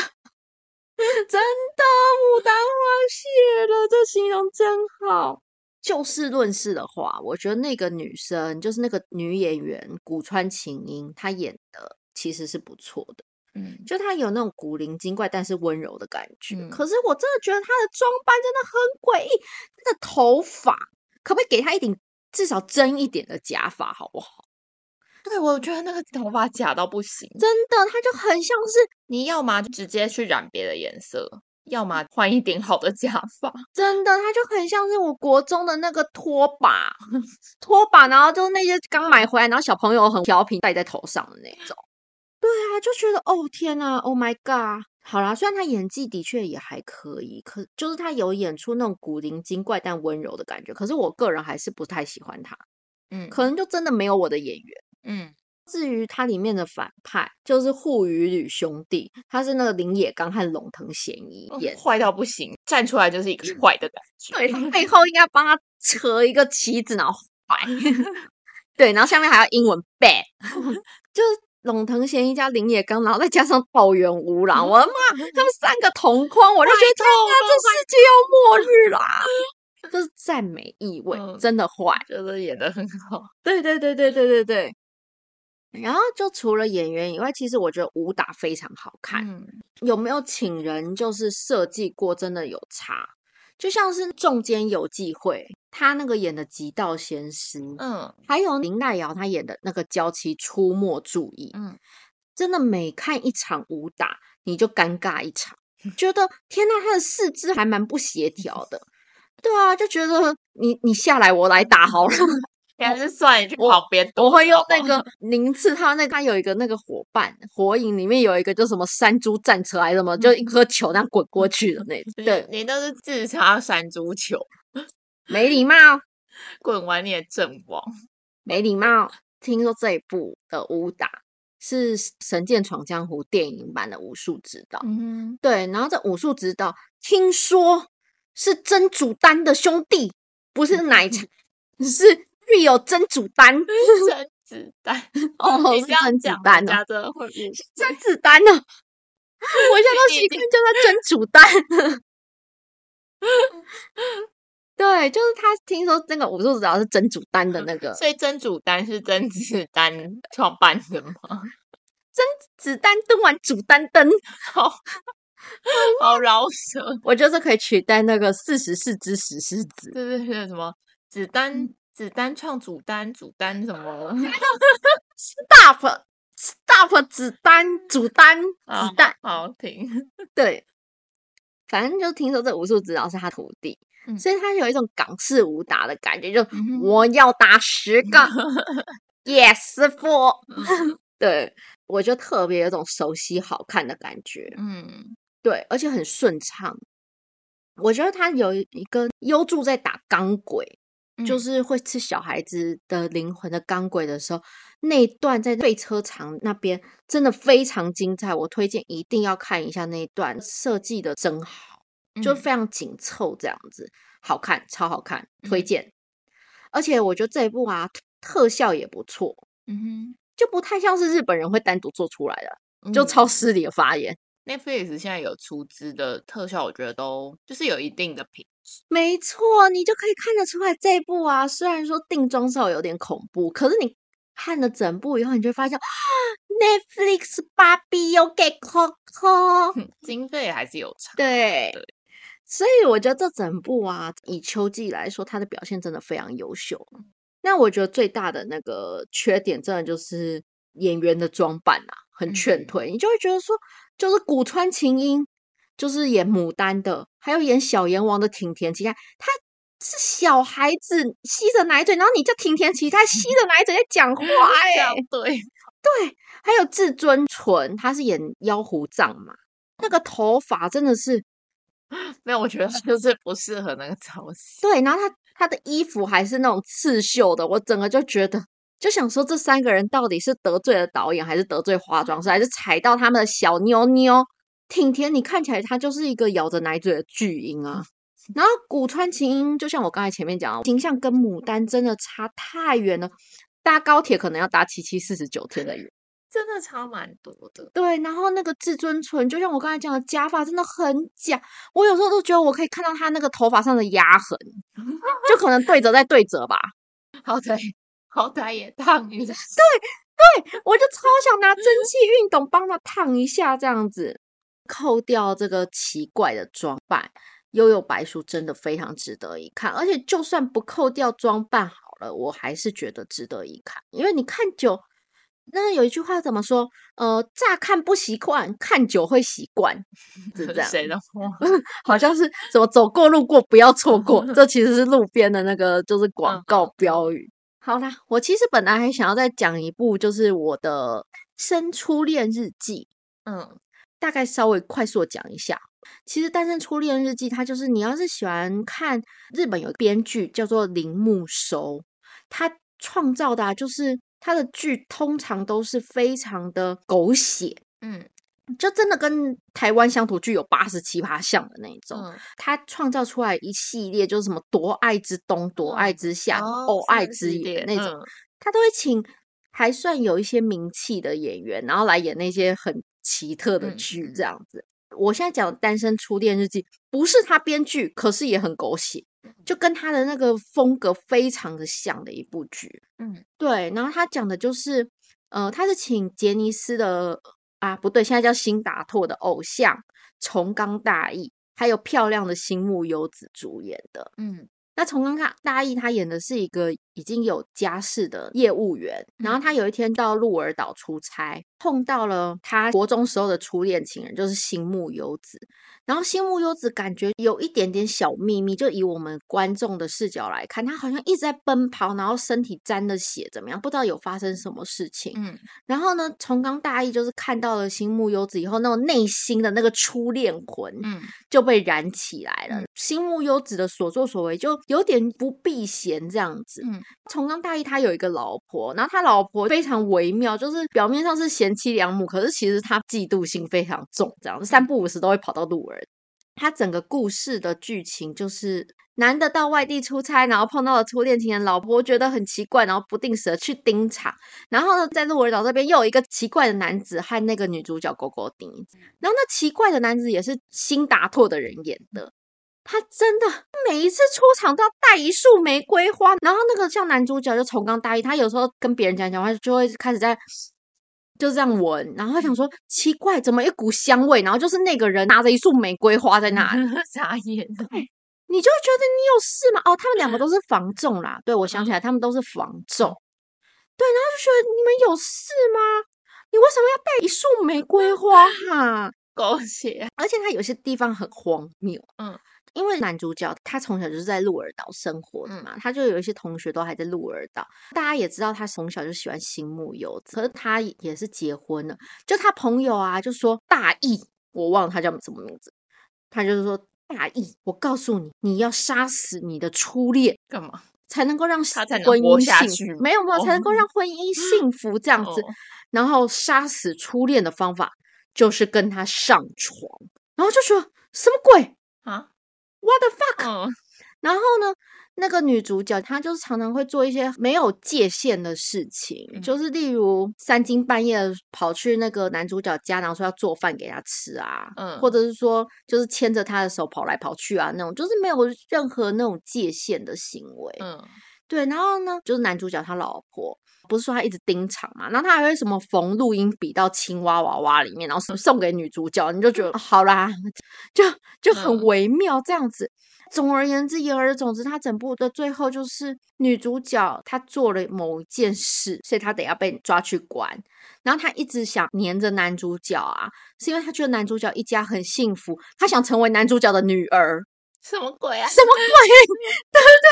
[SPEAKER 1] 真的牡丹花謝了，這形容真好。就事論事的話，我覺得那個女生，就是那個女演員古川琴音，她演的其實是不錯的。就他有那種古靈精怪但是溫柔的感覺、嗯，可是我真的覺得他的裝扮真的很詭異。他的頭髮，可不可以給他一頂至少真一點的假髮，好不好？對，我覺得那個頭髮假到不行，真的，他就很像是你要麼就直接去染別的顏色，要麼換一頂好的假髮。真的，他就很像是我國中的那個拖把，拖 把，然後就是那些剛買回來，然後小朋友很調皮戴在頭上的那種。對啊，就覺得哦天吶，Oh my god！好啦，雖然他演技的確也還可以，可就是他有演出那種古靈精怪但溫柔的感覺，可是我個人還是不太喜歡他。嗯，可能就真的沒有我的演員。嗯，至於他裡面的反派，就是《戶愚呂兄弟》，他是那個綾野剛和滝藤賢一演，壞到不行，站出來就是一個壞的感覺。對他背後應該要幫他扯一個旗子，然後壞。 對，然後下面還有英文 bad， 就。龍藤賢一加林野剛，然後再加上稻垣吾郎、嗯，我的媽，他們三個同框，我就覺得天哪，這世界要末日啦，啊！就是讚美意味，嗯、真的壞，就是演得很好。對對對對對對對。然後就除了演員以外，其實我覺得武打非常好看。嗯、有沒有請人就是設計過？真的有差。就像是仲間由紀惠他那個演的《極道鮮師》，嗯，還有綾瀨遙他演的那個嬌妻出沒注意，嗯，真的每看一場武打，你就尷尬一場， 覺得天吶，他的四肢還蠻不協調的， 對啊，就覺得你你下來我來打好了。 還是算你去跑邊、嗯，我會用那個寧 次他那個、他有一個那個夥伴，火影裡面有一個叫什麼山豬戰車還是什麼，就一顆球那樣滾過去的那種、嗯。對 你都是自殺山豬球，沒禮貌， 滾完你也陣亡，沒禮貌。聽說這一部的武打是《神劍闖江湖》電影版的武術指導，嗯，對。然後這武術指導聽說是甄煮丹的兄弟，不是奶茶、嗯，是。必有甄，煮丹 甄子丹。oh, 要 甄子丹哦，喔，是子丹真的會子丹呢，我現在都習慣叫他甄子丹，喔。 煮丹 對，就是他。聽說那個武術指導是甄子丹的那個，所以煮丹是甄子丹創辦的嗎？ 甄子丹登完，煮丹登， 好好饒舌。 我就是可以取代那個四十四隻石獅子，對對對，什麼子丹。 子丹唱煮丹，煮丹什麼？Stop, Stop 子丹煮丹，子丹，好聽。對，反正就聽說這武術指導是他徒弟、嗯，所以他有一種港式武打的感覺。就、嗯、我要打十個、嗯、，Yes，師傅、嗯。對，我就特別有一種熟悉、好看的感覺。嗯，對，而且很順暢。我覺得他有一個幽助在打鋼軌。就是會吃小孩子的靈魂的剛鬼的時候，那一段在廢車場那邊真的非常精彩，我推薦一定要看一下那一段，設計的真好，就非常緊湊這樣子，好看，超好看，推薦、嗯。而且我覺得這一部啊，特效也不錯，嗯哼，就不太像是日本人會單獨做出來的，嗯、就超失禮的發言。Netflix 現在有出資的特效，我覺得都就是有一定的品。沒錯，你就可以看得出來這部啊，雖然說定妝照有點恐怖，可是你看了整部以後，你就會發現啊 ，Netflix 芭比有給 Coco 經費還是有差，對，對，所以我覺得這整部啊，以秋季來說，它的表現真的非常優秀。嗯、那我覺得最大的那個缺點，真的就是演員的裝扮啊，很勸退、嗯，你就會覺得說，就是古川琴音。就是演牡丹的，還有演小閻王的町田啟太，他是小孩子吸着奶嘴，然後你叫町田啟太他吸着奶嘴在講話呀、欸、對 對，還有志尊淳，他是演妖狐藏嘛，那個頭髮真的是， 沒有，我覺得就是不適合那個造型。對，然後他他的衣服還是那種刺繡的，我整個就覺得就想說這三個人到底是得罪了導演，還是得罪化妝師，還是踩到他們的小妞妞？挺甜，你看起來他就是一個咬着奶嘴的巨嬰啊。然後古川琴音就像我剛才前面講的，形象跟牡丹真的差太遠了，搭高鐵可能要搭七七四十九天的遠，真的差蠻多的。對，然後那個志尊淳就像我剛才講的假髮真的很假，我有時候都覺得我可以看到他那個頭髮上的壓痕， 就可能對折再對折吧。 好歹好歹也燙一下， 對對，我就超想拿蒸汽熨斗幫他燙一下這樣子。扣掉這個奇怪的裝扮，幽遊白書真的非常值得一看。而且，就算不扣掉裝扮好了，我還是覺得值得一看。因為你看久，那有一句話怎麼說？呃，乍看不習慣，看久會習慣。是誰的？ 好像是什麼？走過路過，不要錯過。 這其實是路邊的那個，就是廣告標語。嗯。好啦，我其實本來還想要再講一部，就是我的《單身初戀日記》。嗯。大概稍微快速講一下，其實《單身初戀日記》它就是你要是喜歡看日本有編劇叫做鈴木收，他創造的，啊就是他的劇通常都是非常的狗血，嗯，就真的跟台灣鄉土劇有八十七八像的那種。他、嗯、創造出來一系列就是什麼奪愛之冬、奪、嗯、愛之夏、哦、偶愛之夜那種，他、嗯、都會請還算有一些名氣的演員，然後來演那些很。奇特的劇這樣子，嗯嗯、我現在講《單身初戀日記》，不是他編劇，可是也很狗血，就跟他的那個風格非常的像的一部劇。嗯，對。然後他講的就是，呃，他是請傑尼斯的啊，不對，現在叫新達拓的偶像重岡大毅，還有漂亮的新木優子主演的。嗯，那重岡大毅他演的是一個已經有家室的業務員，嗯，然後他有一天到鹿兒島出差。碰到了他國中時候的初戀情人，就是新木優子。然後新木優子感覺有一點點小秘密，就以我們觀眾的視角來看，他好像一直在奔跑，然後身體沾了血，怎麼樣？不知道有發生什麼事情。嗯。然後呢，重岡大毅就是看到了新木優子以後，那種內心的那個初戀魂，嗯，就被燃起來了。嗯、新木優子的所作所為就有點不避嫌這樣子。嗯。重岡大毅他有一個老婆，然後他老婆非常微妙，就是表面上是嫌。賢妻良母，可是其實他嫉妒心非常重，這樣三不五時都會跑到鹿兒島。他整個故事的劇情就是，男的到外地出差，然後碰到了初戀情人，老婆覺得很奇怪，然後不定時的去盯場。然後呢，在鹿兒島這邊又有一個奇怪的男子和那個女主角勾勾搭。然後那奇怪的男子也是新達拓的人演的，他真的每一次出場都要帶一束玫瑰花。然後那個像男主角就重岡大毅，他有時候跟別人講講話，就會開始在。就這樣聞，然後他想說奇怪，怎麼一股香味？然後就是那個人拿着一束玫瑰花在那裡 傻眼。你就覺得你有事嗎？哦，他們兩個都是房仲啦。對，我想起來，他們都是房仲。對，然後就覺得你們有事嗎？你為什麼要帶一束玫瑰花啊？哈，狗血，而且他有些地方很荒謬。嗯。因為男主角他從小就是在鹿兒島生活的嘛、嗯，他就有一些同學都還在鹿兒島。大家也知道他從小就喜歡新木優子，可是他也，也是結婚了。就他朋友啊，就說大義我忘了他叫什麼名字，他就是說大義我告訴你，你要殺死你的初戀幹嘛才能夠讓能婚姻幸福？沒有沒有，才能夠讓婚姻幸福。這樣子、哦，然後殺死初戀的方法就是跟他上床，然後就說什麼鬼啊？What the fuck？、嗯、然後呢，那個女主角她就是常常會做一些沒有界限的事情、嗯，就是例如三更半夜跑去那個男主角家，然後說要做飯給他吃啊、嗯，或者是說就是牽着他的手跑來跑去啊，那種就是沒有任何那種界限的行為。嗯對，然後呢，就是男主角他老婆不是說他一直盯場嘛，然後他還會什麼縫錄音筆到青蛙娃娃裡面，然後什麼送給女主角，你就覺得、哦、好啦，就就很微妙這樣子。總而言之，言而總之，他整部的最後就是女主角她做了某一件事，所以她得要被抓去關，然後她一直想黏着男主角啊，是因為她覺得男主角一家很幸福，她想成為男主角的女兒。什麼鬼啊！什麼鬼？ 對不對？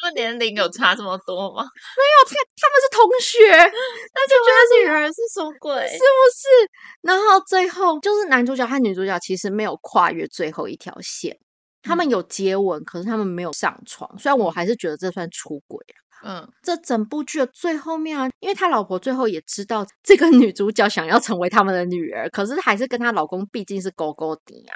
[SPEAKER 1] 他們年齡有差這麼多嗎？沒有，他他們是同學，那 就覺得是女兒是什麼鬼？ 是不是？然後最後就是男主角和女主角其實沒有跨越最後一條線，嗯，他們有接吻，可是他們沒有上床。雖然我還是覺得這算出軌啊。嗯，這整部劇的最後面啊，因為他老婆最後也知道這個女主角想要成為他們的女兒，可是還是跟她老公畢竟是勾勾底啊。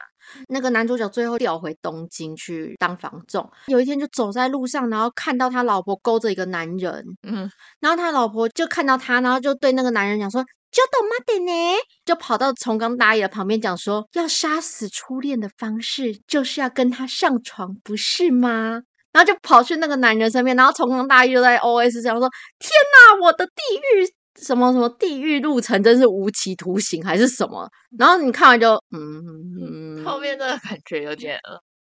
[SPEAKER 1] 那個男主角最後調回東京去當房仲，有一天就走在路上，然後看到他老婆勾着一個男人，嗯，然後他老婆就看到他，然後就對那個男人講說，嗯、就懂嗎的呢，就跑到重岡大毅的旁邊講說，要殺死初戀的方式就是要跟他上床，不是嗎？然後就跑去那個男人身邊，然後重光大玉就在 O S 這樣說：“天哪，我的地獄什麼什麼地獄路程真是無期徒刑還是什麼？”然後你看完就嗯，嗯，後面的感覺有點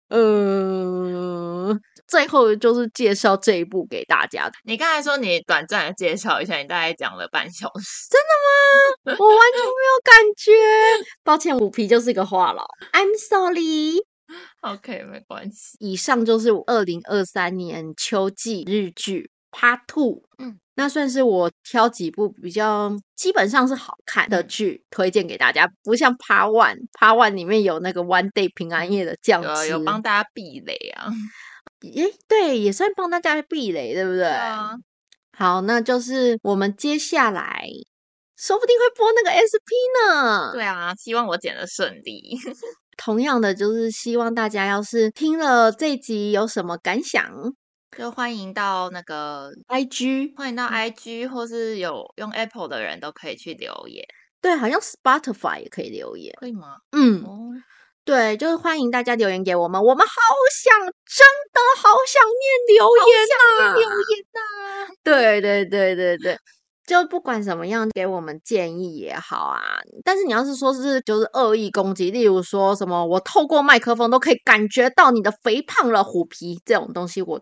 [SPEAKER 1] 呃、嗯，最後就是介紹這一部給大家。你剛才說你短暫的介紹一下，你大概講了半小時，真的嗎？我完全沒有感覺，抱歉，虎皮就是一個話癆，I'm sorry。OK，沒關係。以上就是二零二三年秋季日劇 Part Two 嗯，那算是我挑幾部比較基本上是好看的劇，嗯、推薦給大家，不像 Part One，Part One 裡面有那個 One Day 平安夜的降樣有幫、啊、大家避雷啊、欸。對，也算幫大家避雷，對不對，對、啊？好，那就是我們接下來說不定會播那個 SP 呢。對啊，希望我剪得順利。 同樣的，就是希望大家要是聽了這集有什麼感想，就歡迎到那個 IG，歡迎到 IG，、嗯、或是有用 Apple 的人都可以去留言。對，好像 Spotify 也可以留言，可以嗎？嗯，oh. 對，就是歡迎大家留言給我們，我們好想，真的好想念留言吶、啊，好想留言吶、啊， 對對對對對。對對就不管怎麼樣，給我們建議也好啊。但是你要是說是就是惡意攻擊，例如說什麼我透過麥克風都可以感覺到你的肥胖了，虎皮這種東西我，我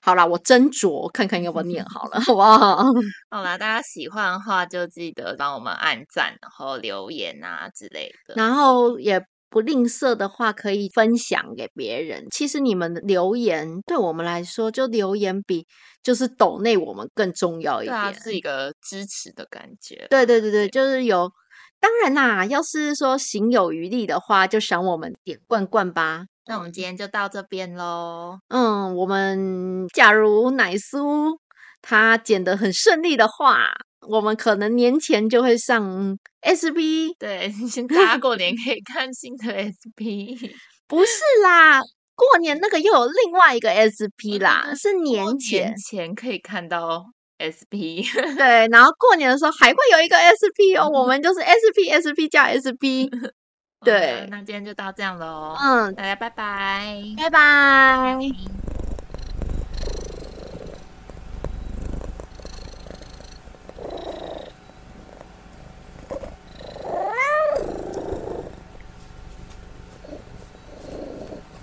[SPEAKER 1] 好啦，我斟酌看看要不要念好了， 好不好？好啦，大家喜歡的話就記得幫我們按讚，然後留言啊之類的， 然後也。不吝嗇的話，可以分享給別人。其實你們留言對我們來說，就留言比就是抖內我們更重要一點。對啊，是一個支持的感覺。對對對對，就是有。當然啦，要是說行有餘力的話，就賞我們點罐罐吧。那我們今天就到這邊嘍。嗯，我們假如奶酥它剪得很順利的話。我們可能年前就會上 SP。對，大家過年可以看新的 SP， 不是啦，過年那個又有另外一個 SP 啦，嗯、是年前年前可以看到 SP， 對，然後過年的時候還會有一個 SP 哦，嗯、我們就是 SP SP 叫 SP。 對，Okay, 那今天就到這樣嘍，嗯，大家拜拜，拜拜。Bye bye.